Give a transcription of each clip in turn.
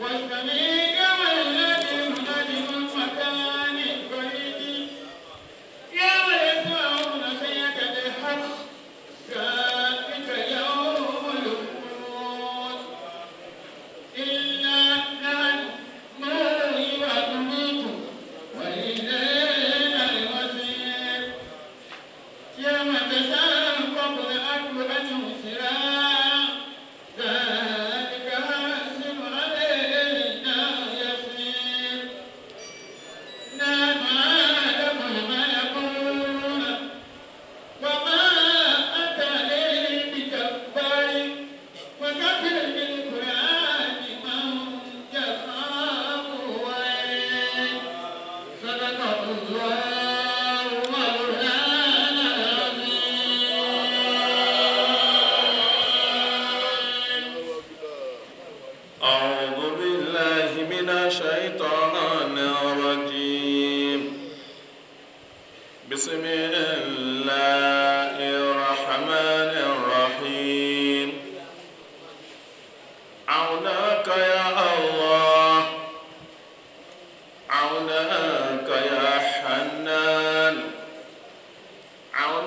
was the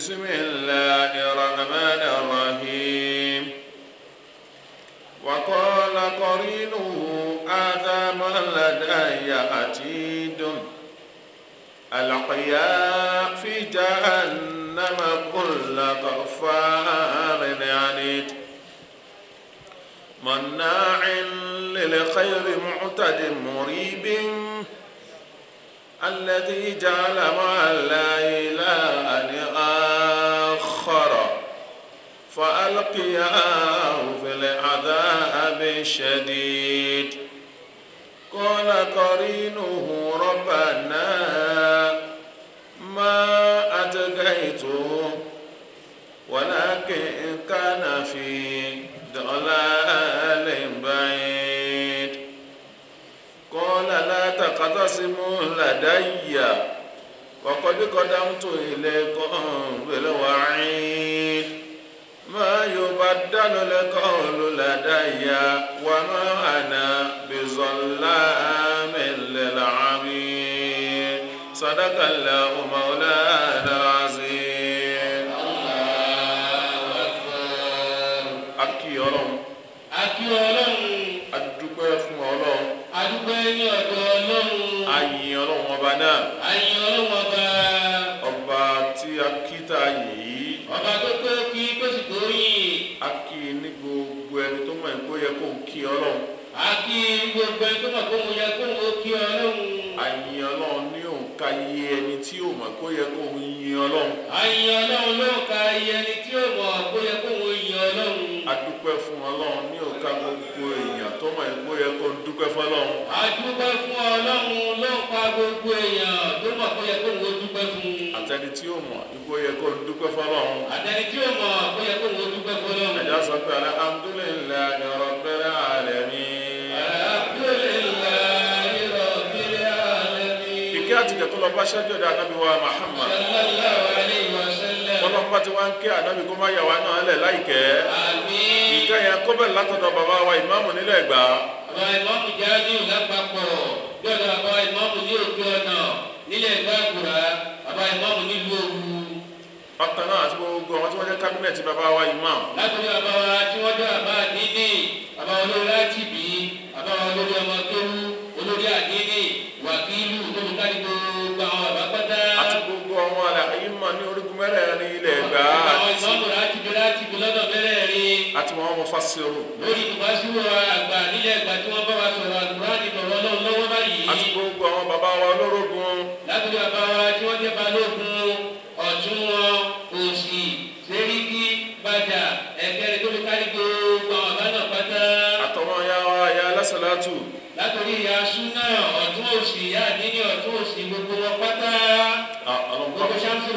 بسم الله الرحمن الرحيم وقال قرينه هذا ما لدي عتيد ألقيا في جهنم كل كفار عنيد مناع للخير معتد مريب الذي جعل مع الله إلها فألقياه في العذاب الشديد قال قرينه ربنا ما أتقيته ولكن كان في ضلال بعيد قال لا تقتسموا لدي وقد قدمت إليكم بالوعيد يبدل القول لدي وما أنا بظلام للعبيد صدق الله مولانا العظيم الله أكبر أكبر أكيرم kó o yin ọlọ́run. àyìn ọlọ́run ló ka ẹni tí ó mọ̀ kó kó o yin ọlọ́run. a dúpẹ́ fún ọlọ́run ní òkà gbogbo èèyàn tó mọ̀ kó yẹ kó o dúpẹ́ fọlọ́run. a dúpẹ́ fún ọlọ́run ló pa gbogbo èèyàn tó mọ̀ kó kó o dúpẹ́ fún. àtẹni tí ó mọ̀ kó yẹ kó o dúpẹ́ fọlọ́run. àtẹni tí ó mọ̀ kó kó o dúpẹ́ fọlọ́run. ẹ̀dá sọ pé alhamdulillahi ìkẹ́ àtìkẹ́ tó lọ bá ṣáájú ọ̀dà ànábì wa Muhammad bọ́lá bá ti wá ń kẹ́ ànábì kó má yà wá náà lẹ̀ láìkẹ́ ìkẹ́ yẹn kó bẹ̀ látọ̀dọ̀ bàbá wa ìmáàmù nílẹ̀ Ẹ̀gbá. bàbá ìmáàmù jẹ́ ní ìlú àpapọ̀ gbọ́dọ̀ bàbá ìmáàmù ní òkú ọ̀nà nílẹ̀ Ẹ̀gbá àkùrà bàbá ìmáàmù nílùú Òwu. bákan náà àti gbogbo àwọn tí wọ́n jẹ́ kábínẹ̀tì bàbá wa ìmáàmù. látọ̀dọ̀ bàbá wa tí olórí àtìbí àti wọn mú fásirù. lórí ìtùwásíwò àgbà nílẹ̀ ìgbà tí wọ́n bá wa sọ̀rọ̀ àlùkùránì tọ̀rọ̀ ọlọ́run lọ́wọ́ báyìí. àti gbogbo àwọn bàbá wa olórogún. lábúlé bàbá wa tí wọ́n jẹ́ balógun ọ̀tún wọn òsì sẹ́ríkì bàjà ẹ̀kẹ́rẹ́ tó lè kárí gbogbo àwọn bàbá náà pátá. àtọwọ́ ya wa ya lásàlátù. látòrí ìyá súnà ọ̀tún òsì ìyá àdínní ọ̀tún òsì gbogbo wọn pátá. gbogbo sáfù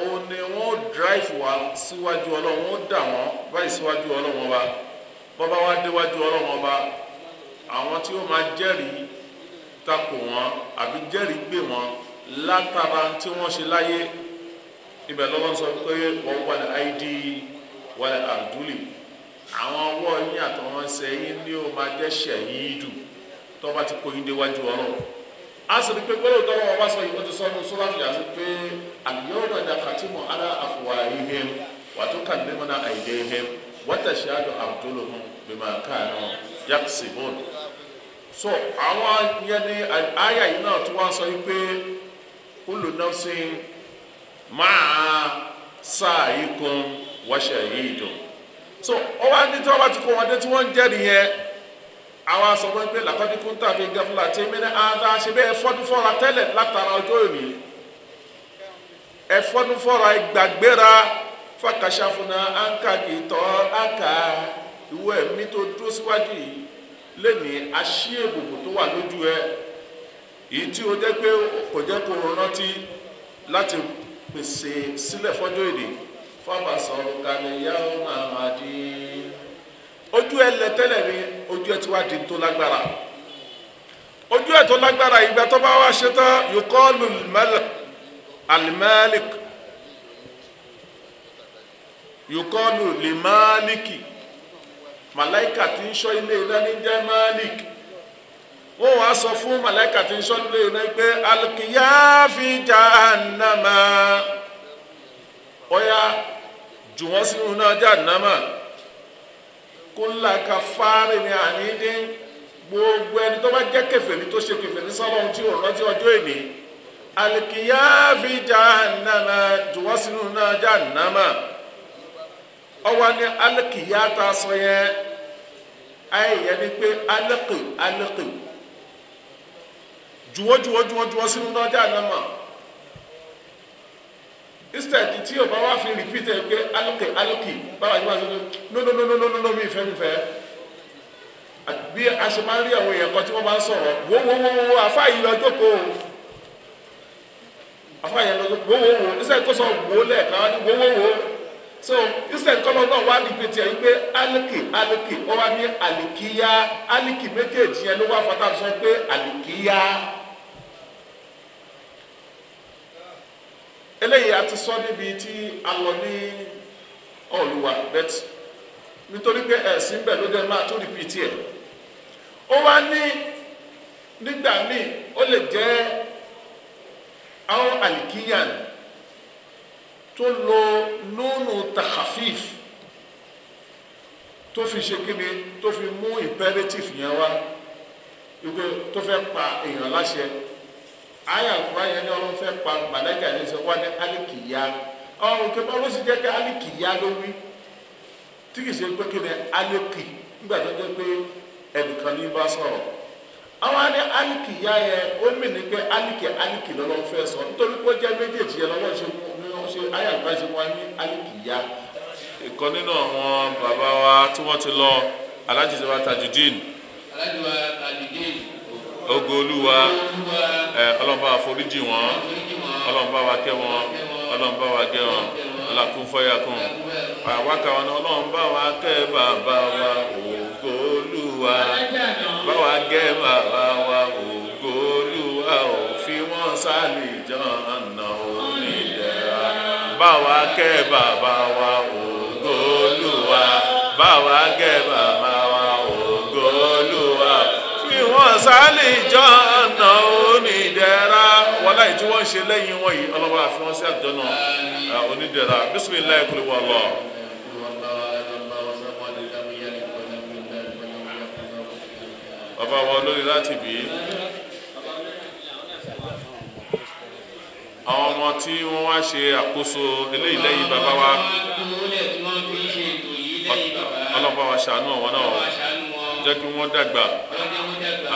òun ni wọ́n drive wa síwájú ọlọ́run wọ́n dà wọ́n báyìí síwájú ọlọ́run ọba bọ́bá wa déwájú ọlọ́run ọba àwọn tí ó máa jẹ́rìí takò wọn àbí jẹ́rìí gbé wọn látara tí wọ́n ṣe láyé ibẹ̀ lọ́wọ́ sọ pé wọ́n wà ní id wà ní àdúlì àwọn ọwọ́ yín àtọwọ́n ṣe yín ni ó máa jẹ́ ṣẹ̀yìn ìdù tó bá ti kó yín déwájú ọlọ́run a sì pé gbọ́dọ̀ tọ́wọ́ wọn bá sọ yìí ó ti sọ ní sọ́láṣì àná pé àlùyọ́rọ̀ ẹ̀dá kàtímọ̀ ara àfùwà ihim wàtó kàndínmọ́nà àìdè ihim wọ́tà ṣe àdó àbùdólóhùn bímọ káàánú yaksibun. so àwọn yẹn ní àyà yìí náà tó wá sọ yìí pé kullu nafsin máa sáà yìí kún wáṣẹ yìí dùn. so ọwọ́ adé tí wọ́n bá ti kó wọn dé tí wọ́n ń jẹ́ nìyẹn àwọn asọ̀rọ̀ pé làkọ́dínkùn tàbí gẹ́fúlà tí mi ní ada ṣe bẹ́ẹ̀ fọ́dún fọ́ra tẹ́lẹ̀ látara ọjọ́ òní ẹ fọ́dún fọ́ra ẹ gbàgbéra fàkàṣàfùnà àǹkàdì tọ́ àkà ìwọ ẹ̀mí tó dúró síwájú yìí lẹ́ni aṣí èbùbù tó wà lójú ẹ èyí tí ó jẹ́ pé kò jẹ́ kó rántí láti pèsè sílẹ̀ fọ́jọ́ èdè fábàṣọ kàlẹ́yà ọ̀nà àmàdí ojú ẹ lẹ tẹ́lẹ̀ ni ojú ẹ ti wá di tó lágbára ojú ẹ tó lágbára ìgbà tó bá wá ṣe tán yòókọ́lù alimalik yòókọ́lù limaliki màláìkà tí ń ṣọ́ ilé iná ní jẹ́ malik wọ́n wá sọ fún màláìkà tí ń ṣọ́ ilé iná pé alkiya fi jahannama ọ̀ya jù wọ́n sínú náà jahannama kólà ka fáre ní àníndé gbogbo ẹni tó bá jẹ́ kèfèrí tó ṣe kèfèrí sọ́lọ́run tí ò rántí ọjọ́ èní alikiyafi jahannama jùwọ́ sínú náà jahannama ọwọ́ ni alikiyata sọ yẹn ayé yẹn ni pé aliki aliki jùwọ́ jahannama instead tí o bá wá fi repeat ẹ pé alókè alókè báwa ti wá sọ no no no no no no mi ìfẹ́ mi fẹ́ bí a ṣe máa ń rí àwọn èèyàn kan tí wọ́n máa ń sọ̀rọ̀ wo wo wo wo àfa yìí lọ jókòó àfa yìí lọ jókòó wo wo wo instead kó sọ wo lẹ́ẹ̀kan wo wo wo so instead kọ́lọ́ náà wá repeat ẹ pé alókè alókè wọ́n wá ní àlìkíyá alìkí méjèèjì yẹn ló wá fata sọ pé àlìkíyá. eléyìí a ti sọ níbi tí a lọ ní ọ̀lùwà bẹ́tì nítorí pé ẹ̀sìn bẹ̀ ló jẹ́ máa tó rìpìtì ẹ̀ ó wá ní nígbà míì ó lè jẹ́ àwọn àlìkíyàn tó lo núnú tahafif tó fi ṣe kíni tó fi mú imperative yẹn wá wípé tó fẹ́ pa èèyàn láṣẹ aya àkùrá yẹn ní ọlọ́run fẹ́ pa màláìka yẹn sọ wá aliki alikìyá ọrùn kẹfà ló sì jẹ́ pé alikìyá ya aliki nígbà tó jẹ́ pé ẹnìkan ní bá aliki aliki aliki sọ nítorí pé ó jẹ́ méjèèjì yẹn lọ́lọ́run ṣe ní aliki wa tí wọ́n ti Ogoluwa, olúwa ẹ ọlọ́mọba àforíjì wọn ọlọ́mọba wa kẹ́ wọn ọlọ́mọba wa gẹ́ wọn ọlọ́kùn fọ́yàkùn àwákà wọn ni ọlọ́mọba wa kẹ́ bàbá wa ògo olúwa báwa gẹ́ bàbá wa ògo olúwa ò fi wọ́n sálì jọ̀nà onídẹ̀ra báwa bàbá wa ògo olúwa báwa gẹ́ bàbá. sálì jọ́nà onídẹ̀ra wàlá yìí tí wọ́n ń ṣe lẹ́yìn wọn yìí ọlọ́wọ́ àfihàn sí àjọ́nà onídẹ̀ra bisimilayi kúlẹ̀ wà lọ. bàbá wa olórí láti bí àwọn ọmọ tí wọ́n wá ṣe àkóso eléyìí lẹ́yìn bàbá wa ọlọ́pàá wa ṣàánú àwọn náà jẹ́ kí wọ́n dàgbà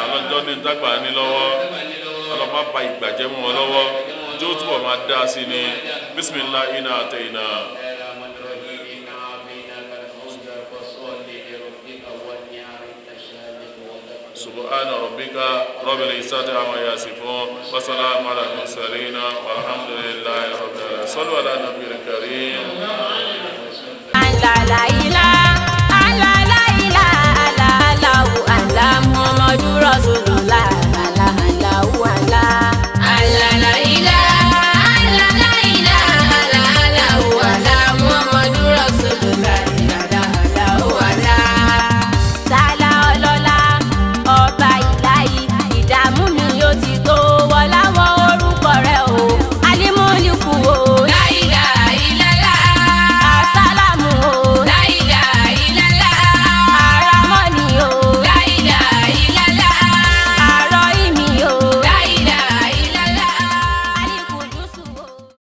àlọ́jọ́ ní dàgbà ní lọ́wọ́ ọlọ́mọ bá ìgbàjẹ́ mọ́ wọn lọ́wọ́ jó túbọ̀ máa dá sí ni bismillah iná àtẹ iná. سبحان ربك رب العزة عما يصفون وسلام على المرسلين والحمد لله رب العالمين صلوا على النبي الكريم